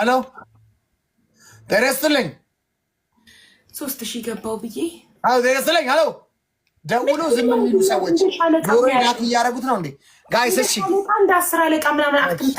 አሎ ጤና ሶስት ሺህ ገባው ብዬ አዎ፣ ጤና ይስጥልኝ። አሎ ደውሎ ዝም የሚሉ ሰዎች ዶሮ ናት እያደረጉት ነው እንዴ ጋይስ? እሺ አንድ አስር አለቃ ምናምን አክምታ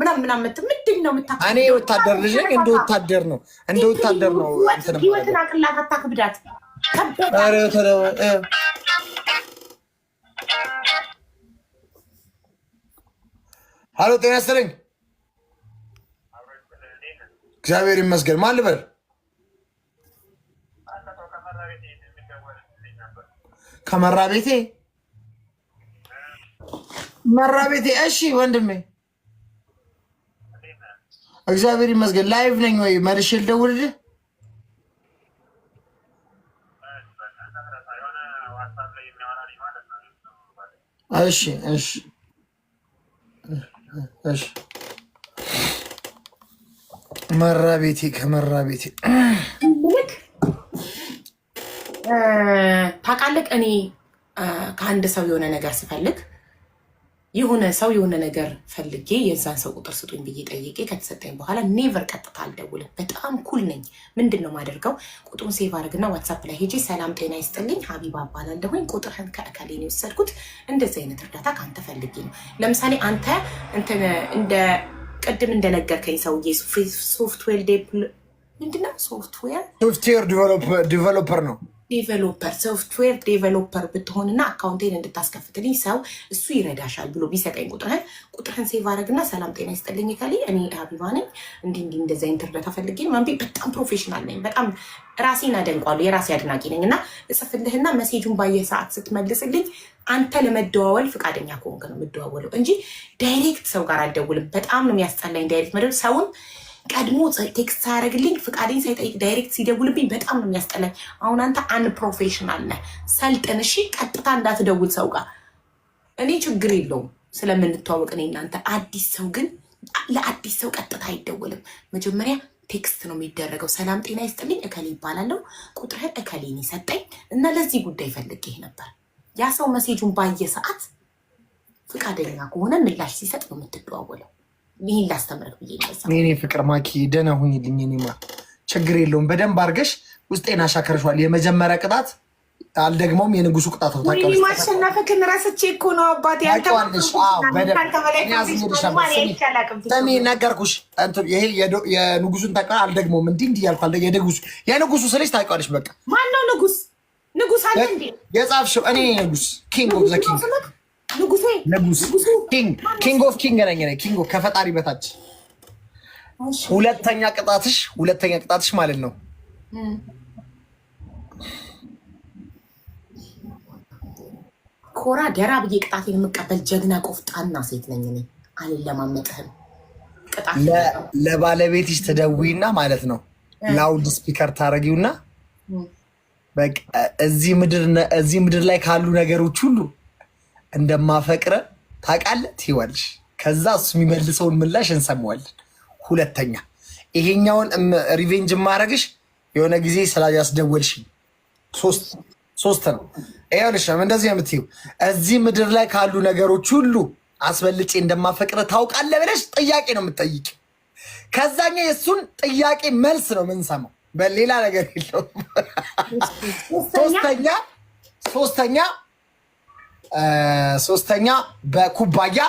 ምናምን ምናምን ምንድን ነው ምታ እኔ ወታደር ልጅ እንደ ወታደር ነው እንደ ወታደር ነው። ህይወትን አቅላት አታክብዳት። ጤና ይስጥልኝ። እግዚአብሔር ይመስገን። ማን ልበል? ከመራ ቤቴ መራ ቤቴ። እሺ ወንድሜ እግዚአብሔር ይመስገን። ላይቭ ነኝ ወይ መልሼ ልደውልልህ? እሺ እሺ እሺ መራ ቤቴ ከመራ ቤቴ ታውቃለህ። እኔ ከአንድ ሰው የሆነ ነገር ስፈልግ የሆነ ሰው የሆነ ነገር ፈልጌ የዛን ሰው ቁጥር ስጡኝ ብዬ ጠይቄ ከተሰጠኝ በኋላ ኔቨር ቀጥታ አልደውልም። በጣም ኩል ነኝ። ምንድን ነው ማደርገው? ቁጥሩን ሴቭ አድርግና ዋትሳፕ ላይ ሄጄ ሰላም ጤና ይስጥልኝ ሀቢባ እባላለሁኝ፣ ቁጥርህን ከእከሌን የወሰድኩት እንደዚህ አይነት እርዳታ ከአንተ ፈልጌ ነው። ለምሳሌ አንተ እንደ ቅድም እንደነገርከኝ ሰውዬ ሶፍትዌር ምንድነው? ሶፍትዌር ሶፍትዌር ዲቨሎፐር ነው። ዴቨሎፐር ሶፍትዌር ዴቨሎፐር ብትሆንና አካውንቴን እንድታስከፍትልኝ ሰው እሱ ይረዳሻል ብሎ ቢሰጠኝ ቁጥርህን ቁጥርህን ሴቭ አድርግና ሰላም ጤና ይስጠልኝ ካሊ እኔ ሀቢባ ነኝ እንዲ እንዲ እንደዚያ አይነት እርዳታ ማንቢ በጣም ፕሮፌሽናል ነኝ። በጣም ራሴን አደንቋሉ። የራሴ አድናቂ ነኝ እና እጽፍልህና መሴጁን ባየ ሰዓት ስትመልስልኝ አንተ ለመደዋወል ፍቃደኛ ከሆንክ ነው የምደዋወለው እንጂ ዳይሬክት ሰው ጋር አልደውልም። በጣም ነው የሚያስጠላኝ ዳይሬክት መደ ሰውን ቀድሞ ቴክስት ሳያደርግልኝ ፍቃደኝ ሳይጠይቅ ዳይሬክት ሲደውልብኝ በጣም ነው የሚያስጠላኝ። አሁን አንተ አንድ ፕሮፌሽናል ነህ፣ ሰልጥን። እሺ ቀጥታ እንዳትደውል ሰው ጋር። እኔ ችግር የለውም ስለምንተዋወቅ እኔ እናንተ። አዲስ ሰው ግን ለአዲስ ሰው ቀጥታ አይደውልም። መጀመሪያ ቴክስት ነው የሚደረገው። ሰላም ጤና ይስጥልኝ እከሌ ይባላለሁ፣ ቁጥርህን እከሌን ይሰጠኝ እና ለዚህ ጉዳይ ፈልጌህ ነበር። ያ ሰው መሴጁን ባየ ሰዓት ፍቃደኛ ከሆነ ምላሽ ሲሰጥ ነው የምትደዋወለው። ይህን ላስተምረህ ብዬ የኔ ፍቅር ማኪ ደህና ሁኝልኝ። ኔማ ችግር የለውም። በደንብ አድርገሽ ውስጤን አሻከርሸዋል። የመጀመሪያ ቅጣት አልደግመውም። የንጉሱ ቅጣት ነው። ታውቂዋለሽ። ማሸነፍክን ራስቼ እኮ ነው አባቴ። ስሚ ነገርኩሽ። ይሄ የንጉሱን ታውቂዋለሽ። አልደግመውም። እንዲህ እንዲህ ያልፋል። የንጉሱ የንጉሱ ስልሽ ታውቂዋለሽ። በቃ ማነው ንጉስ? ንጉስ አለ እንዴ? የጻፍሽው እኔ ንጉስ ኪንግ ኦፍ ዘ ኪንግ ንጉሴ ኪንግ ኦፍ ኪንግ ነኝ። ኪንግ ኦፍ ከፈጣሪ በታች ሁለተኛ ቅጣትሽ ሁለተኛ ቅጣትሽ ማለት ነው ኮራ ደራ ብዬ ቅጣት የምቀበል ጀግና ቆፍጣና ሴት ነኝ እኔ። አልለማመጥህም። ለባለቤትሽ ትደውይና ማለት ነው ላውድ ስፒከር ታደረጊውና እዚህ ምድር ላይ ካሉ ነገሮች ሁሉ እንደማፈቅረ ታውቃለህ ትይዋለሽ። ከዛ እሱ የሚመልሰውን ምላሽ እንሰማዋለን። ሁለተኛ ይሄኛውን ሪቬንጅ ማረግሽ የሆነ ጊዜ ስላያስደወልሽኝ ሶስት ነው። ይኸውልሽ እንደዚህ የምትይው እዚህ ምድር ላይ ካሉ ነገሮች ሁሉ አስበልጬ እንደማፈቅረ ታውቃለህ ብለሽ ጥያቄ ነው የምትጠይቅ። ከዛኛ የእሱን ጥያቄ መልስ ነው የምንሰማው። በሌላ ነገር የለውም። ሶስተኛ ሶስተኛ ሶስተኛ በኩባያ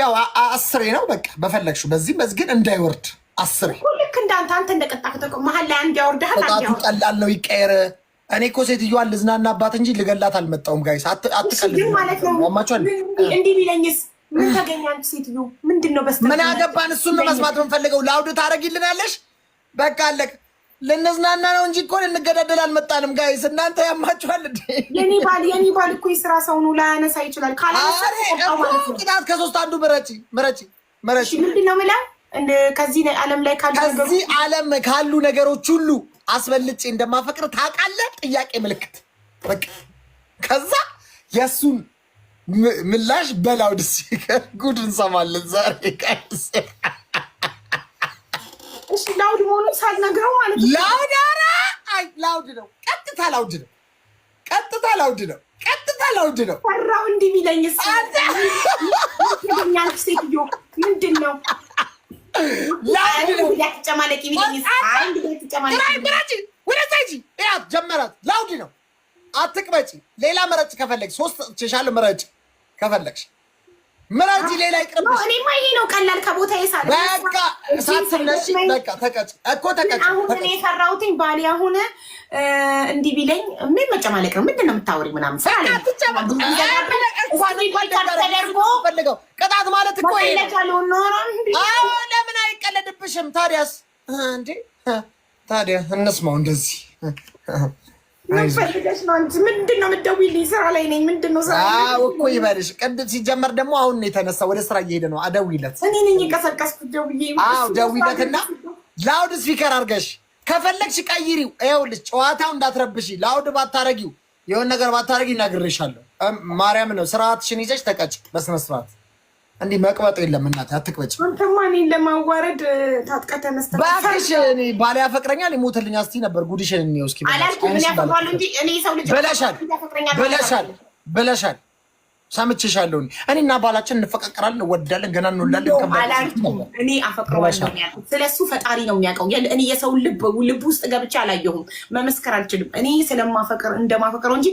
ያው አስሬ ነው በቃ በፈለግሽው በዚህ በዚህ ግን እንዳይወርድ አስሬ ልክ እንዳንተ አንተ እንደቀጣ መሀል ላይ አንድ ያወርዳል ጣቱ ቀላል ነው ይቀየር እኔ እኮ ሴትዮዋን ልዝናና አባት እንጂ ልገላት አልመጣሁም ጋይስ አትቀልድ ማለት ነው እንዲህ ቢለኝስ ምን ተገኘ አንቺ ሴትዮ ምንድን ነው በስተ ምን አገባን እሱን መስማት የምንፈልገው ለአውድ ታደረግልናለሽ በቃ አለቅ ልንዝናና ነው እንጂ እኮ ልንገዳደል አልመጣንም። ጋይስ እናንተ ያማችኋል እንዴ? የኔ ባል የኔ ባል እኮ የስራ ሰው ነው፣ ላያነሳ ይችላል። ካላቅጣት ከሶስት አንዱ ምረጪ ምረጪ ምረጪ። ምንድን ነው የምልህ ከዚህ ዓለም ላይ ከዚህ ዓለም ካሉ ነገሮች ሁሉ አስበልጭ እንደማፈቅር ታውቃለህ። ጥያቄ ምልክት ከዛ የእሱን ምላሽ በላውድ ስፒከር ጉድ እንሰማለን ዛሬ ትንሽ ላውድ መሆኑን ሳልነግረው ማለት ነው። ላውድ ኧረ ላውድ ነው፣ ቀጥታ ላውድ ነው፣ ቀጥታ ላውድ ነው፣ ቀጥታ ላውድ ነው። እንዲህ ስኛል ሴትዮ ምንድን ነው ጀመራት። ላውድ ነው፣ አትቅበጪ። ሌላ መረጭ ከፈለግሽ ሶስት ችሻል መረጭ ከፈለግሽ ምን አንቺ ሌላ ይቀርብሽ? እኔማ ይሄ ነው ቀላል። ከቦታ ይሳለ በቃ ሳትም ነሽ በቃ ተቀጭ እኮ ተቀጭ። አሁን እኔ የሰራሁትኝ ባል አሁን እንዲህ ቢለኝ ምን መጨማለቅ ነው? ምንድን ነው የምታወሪው? ምናምን ስራ ተደርጎ ቅጣት ማለት እኮ ይሄ ነው። አሁን ለምን አይቀለድብሽም ታዲያስ? እንዴ ታዲያ እነስማው እንደዚህ ፈልገሽ ነው አንቺ እኮ ይበልሽ። ቅድም ሲጀመር ደግሞ አሁን የተነሳ ወደ ስራ እየሄደ ነው። አደውይለት እኔ ላውድ ስፒከር አድርገሽ ከፈለግሽ ቀይሪው። ይኸውልሽ ጨዋታው እንዳትረብሽ፣ ላውድ ባታረጊው፣ የሆነ ነገር ባታረጊ ነግሬሻለሁ። ማርያም ነው ስርዓትሽን ይዘሽ ተቀጭ በስነስርዓት እንዲህ መቅበጥ የለም እናቴ፣ አትቅበጭ። አንተማ እኔን ለማዋረድ ታጥቀ ተነስተህ እባክሽ። እኔ ባለ ያፈቅረኛል ይሞትልኝ አስቲ ነበር ጉድሽን እኔ ውስኪ በለሻል በለሻል በለሻል። ሰምቼሻለሁ። እኔ እና ባላችን እንፈቃቀራለን፣ እንወዳለን፣ ገና እንውላለን። እኔ አፈቅረዋለሁ ያልኩት ስለሱ ፈጣሪ ነው የሚያውቀው። እኔ የሰው ልብ ልብ ውስጥ ገብቼ አላየሁም፣ መመስከር አልችልም። እኔ ስለማፈቅር እንደማፈቅረው እንጂ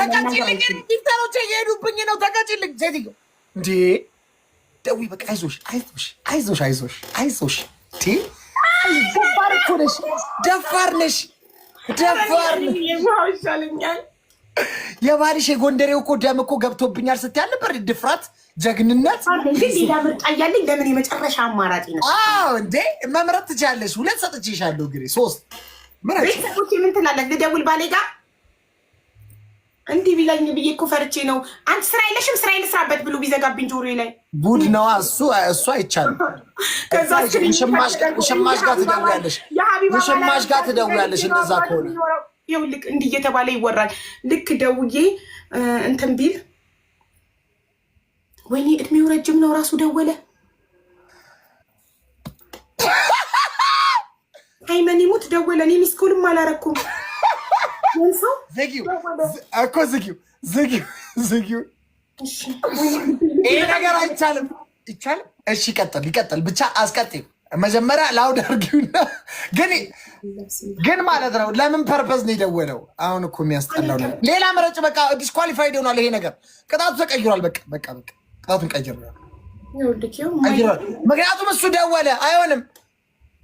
ተቀጭልኝ። ዶክተሮች እየሄዱብኝ ነው። ተቀጭልኝ ሴትዮ እንዴ ደዊ በቃ አይዞሽ፣ አይዞሽ፣ አይዞሽ፣ አይዞሽ፣ አይዞሽ። ደፋር እኮ ነሽ፣ ደፋር ነሽ፣ ደፋር ይሻለኛል። የባልሽ የጎንደሬው እኮ ደም እኮ ገብቶብኛል ስትይ አልነበር? ድፍረት፣ ጀግንነት ሌላ ለምን የመጨረሻ አማራጭ ነው እንዴ? መምረጥ ትችያለሽ። ሁለት ሰጥቼሻለሁ፣ ግሬ ሶስት። ቤተሰቦች ምን ትላለች? ልደውል ባሌ ጋር እንዲህ ቢለኝ ብዬ እኮ ፈርቼ ነው። አንቺ ስራ የለሽም ስራ ልስራበት ብሎ ቢዘጋብኝ ጆሮ ላይ ቡድ ነዋ። እሱ እሱ አይቻልም። ውሽማሽ ጋር ትደውያለሽ፣ ውሽማሽ ጋር ትደውያለሽ። እንደዛ ከሆነ ይኸው ልክ እንዲህ እየተባለ ይወራል። ልክ ደውዬ እንትን ቢል ወይኔ እድሜው ረጅም ነው ራሱ ደወለ። አይመን ሙት ደወለ። እኔ ሚስኮልም አላረኩም እኮ ዝጊው ዝጊው ዝጊው። ይሄ ነገር አይቻልም፣ ይቻልም። እሺ ይቀጥል፣ ይቀጥል ብቻ አስቀጥይው። መጀመሪያ ላውድ አድርጊውና ግን ግን ማለት ነው። ለምን ፐርፐዝ ነው የደወለው? አሁን እኮ የሚያስጠላው ሌላ መረጭ። በቃ ዲስኳሊፋይድ ሆኗል ይሄ ነገር። ቅጣቱ ተቀይሯል። በቃ በቃ በቃ ቅጣቱን ቀይሯል። ምክንያቱም እሱ ደወለ፣ አይሆንም።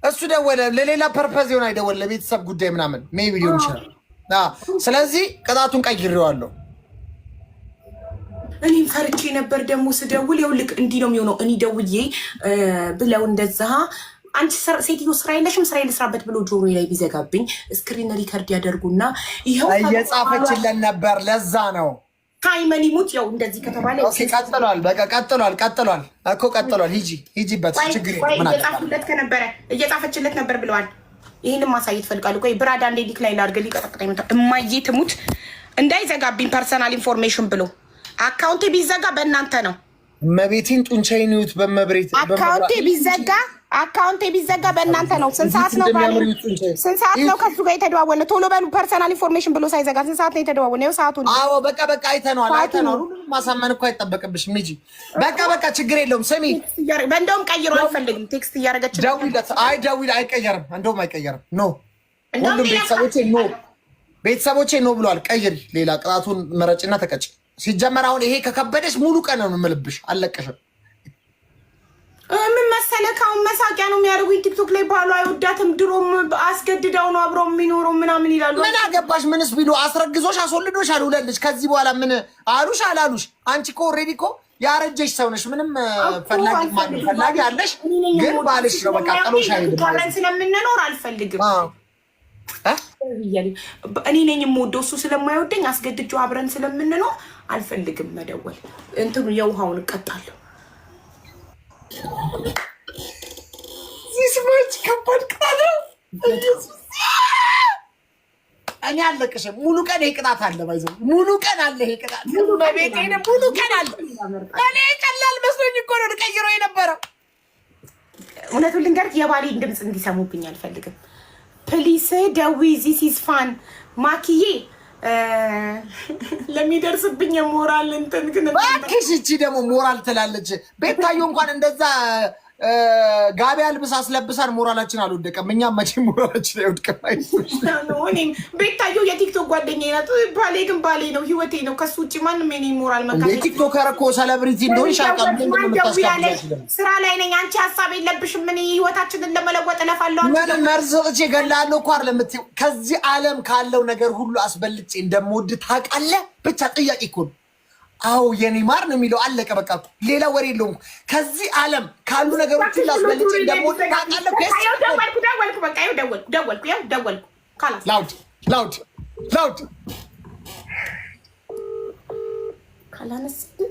እሱ ደወለ ለሌላ ፐርፐዝ ይሆን አይደወል፣ ለቤተሰብ ጉዳይ ምናምን ሜይ ቢ ሊሆን ይችላል ስለዚህ ቅጣቱን ቀይሬዋለሁ። እኔም ፈርቼ ነበር ደግሞ ስደውል የውልቅ እንዲህ ነው የሚሆነው። እኔ ደውዬ ብለው እንደዛ አንቺ ሴትዮ ስራ የለሽም ስራ የልስራበት ብሎ ጆሮ ላይ ቢዘጋብኝ ስክሪን ሪከርድ ያደርጉና ይኸው እየጻፈችለን ነበር። ለዛ ነው ታይመን ሙት ያው እንደዚህ ከተባለ ቀጥሏል። በቃ ቀጥሏል፣ ቀጥሏል እኮ ቀጥሏል። ሂጂ ሂጂበት፣ ችግር የለም እየጻፉለት ከነበረ እየጻፈችለት ነበር ብለዋል። ይህንም ማሳየት ፈልጋለሁ። ቆይ ብራዳ አንዴ ዲክላይን አድርገ ሊቀጠቅጠኝ መጣ። እማዬ ትሙት እንዳይዘጋብኝ ፐርሰናል ኢንፎርሜሽን ብሎ አካውንቴ ቢዘጋ በእናንተ ነው። እመቤቴን ጡንቻዬን ይዩት። በመብሬት አካውንቴ ቢዘጋ አካውንቴ ቢዘጋ በእናንተ ነው። ስንት ሰዓት ነው ስንት ሰዓት ነው ከሱ ጋር የተደዋወለ? ቶሎ በሉ ፐርሰናል ኢንፎርሜሽን ብሎ ሳይዘጋ ስንት ሰዓት ነው የተደዋወለ? ይኸው ሰዓቱን። አዎ በቃ በቃ አይተነዋል፣ አይተነዋል። ሁሉንም ማሳመን እኮ አይጠበቅብሽም ሂጂ። በቃ በቃ ችግር የለውም። ስሚ እንደውም ቀይሮ አልፈልግም። ቴክስት እያደረገች ደውይለት። አይ ደውይ፣ አይቀየርም። እንደውም አይቀየርም። ኖ ሁሉም ቤተሰቦቼ ኖ ቤተሰቦቼ ኖ ብለዋል። ቀይሪ፣ ሌላ ቅጣቱን መረጭና ተቀጭ። ሲጀመር አሁን ይሄ ከከበደሽ ሙሉ ቀን ነው የምልብሽ። አልለቀሽም ምን መሰለህ አሁን መሳቂያ ነው የሚያደርጉኝ ቲክቶክ ላይ ባሉ አይወዳትም ድሮም አስገድደው ነው አብረው የሚኖረው ምናምን ይላሉ። ምን አገባሽ ምንስ ቢሉ አስረግዞሽ አስወልዶሽ አልውለልሽ ከዚህ በኋላ ምን አሉሽ አላሉሽ። አንቺ እኮ ኦልሬዲ እኮ ያረጀሽ ሰው ነሽ። ምንም ፈላጊ ፈላጊ አለሽ፣ ግን ባልሽ ነው በቃ ጥሎሽ አይሄድም። ስለምንኖር አልፈልግም እኔ ነኝ የምወደው እሱ ስለማይወደኝ አስገድጆ አብረን ስለምንኖር አልፈልግም። መደወል እንትኑ የውሃውን እቀጣለሁ ከባድ ቅጣት ነው። እኔ አለቅሽም። ሙሉ ቀን ይሄ ቅጣት አለ። ባይዘ ሙሉ ቀን አለ። ይሄ ቅጣት በቤቴ ሙሉ ቀን አለ። እኔ ቀላል መስሎኝ እኮ ነው ልቀይረው የነበረው። እውነቱን ልንገርህ፣ የባሌን ድምፅ እንዲሰሙብኝ አልፈልግም። ፕሊስ ደዊ ዚስ ፋን ማክዬ ለሚደርስብኝ የሞራል እንትን ግን እባክሽ፣ እቺ ደግሞ ሞራል ትላለች። ቤታዮ እንኳን እንደዛ ጋቢ አልብሳ አስለብሰን ሞራላችን አልወደቀም። እኛም መቼ ሞራላችን አይወድቅም። አይእኔም ቤታየው የቲክቶክ ጓደኛ ናት። ባሌ ግን ባሌ ነው፣ ህይወቴ ነው። ከሱ ውጭ ማንም ኔ ሞራል መካ የቲክቶከር እኮ ሰለብሪቲ እንደሆን ስራ ላይ ነኝ። አንቺ ሀሳብ የለብሽም። ምን ህይወታችንን ለመለወጥ እለፋለሁ። ምን መርዝ እጭ ገላለሁ እኮ አለ የምትይው። ከዚህ አለም ካለው ነገር ሁሉ አስበልጬ እንደምወድ ታውቃለህ። ብቻ ጥያቄ እኮ ነው አዎ የኔ ማር ነው የሚለው። አለቀ በቃ ሌላ ወሬ የለውም። ከዚህ ዓለም ካሉ ነገሮች ላስበልጭ እንደሞት ደወልኩ ደወልኩ በቃ ደወልኩ ደወልኩ ደወልኩ ላውድ ላውድ ላውድ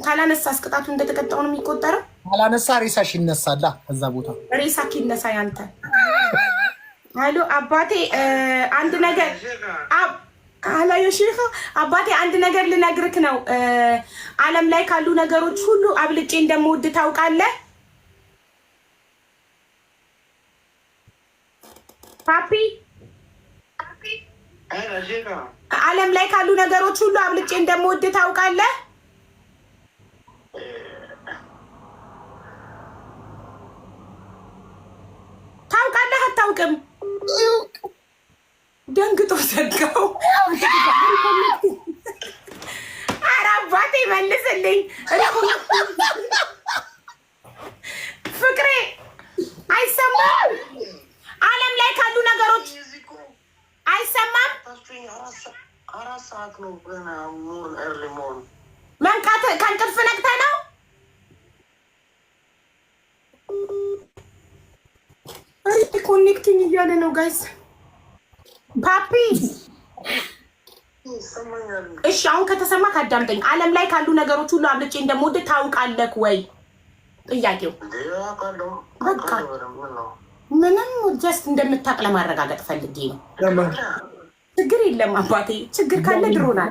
ካላነሳ አስቅጣቱ እንደተቀጣው ነው የሚቆጠረው። ካላነሳ ሬሳሽ ይነሳላ። ከዛ ቦታ ሬሳክ ይነሳ ያንተ። ሄሎ አባቴ አንድ ነገር አላ የሼኻ አባቴ አንድ ነገር ልነግርክ ነው። ዓለም ላይ ካሉ ነገሮች ሁሉ አብልጬ እንደምወድ ታውቃለህ። ፓፒ ዓለም ላይ ካሉ ነገሮች ሁሉ አብልጬ እንደምወድ ታውቃለህ። መንቃት ከእንቅልፍ ነቅተህ ነው? ኮኔክቲንግ እያለ ነው ጋይስ። ፓፒ እሺ፣ አሁን ከተሰማ ካዳምጠኝ። ዓለም ላይ ካሉ ነገሮች ሁሉ አብልጬ እንደምወድ ታውቃለህ ወይ? ጥያቄው በቃ ምንም ጀስት እንደምታውቅ ለማረጋገጥ ፈልጌ ነው። ችግር የለም አባቴ። ችግር ካለ ድሮናል።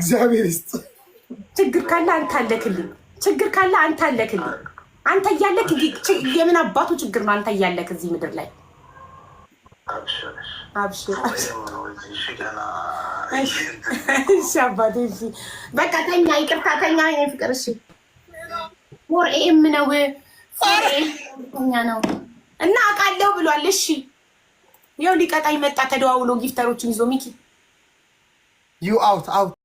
እግዚአብሔር ይስጥ። ችግር ካለ አንተ አለክልኝ። ችግር ካለ አንተ አለክልኝ። አንተ እያለክ የምን አባቱ ችግር ነው? አንተ እያለክ እዚህ ምድር ላይ አባቴ በቃ ተኛ፣ ይቅርታ ተኛ። ፍቅር እሺ፣ ፎር ኤም ነው ፎር ኤም ነው እና አውቃለሁ ብሏል። እሺ ያው ሊቀጣይ መጣ ተደዋውሎ ጊፍተሮችን ይዞ ሚኪ ዩ አውት አውት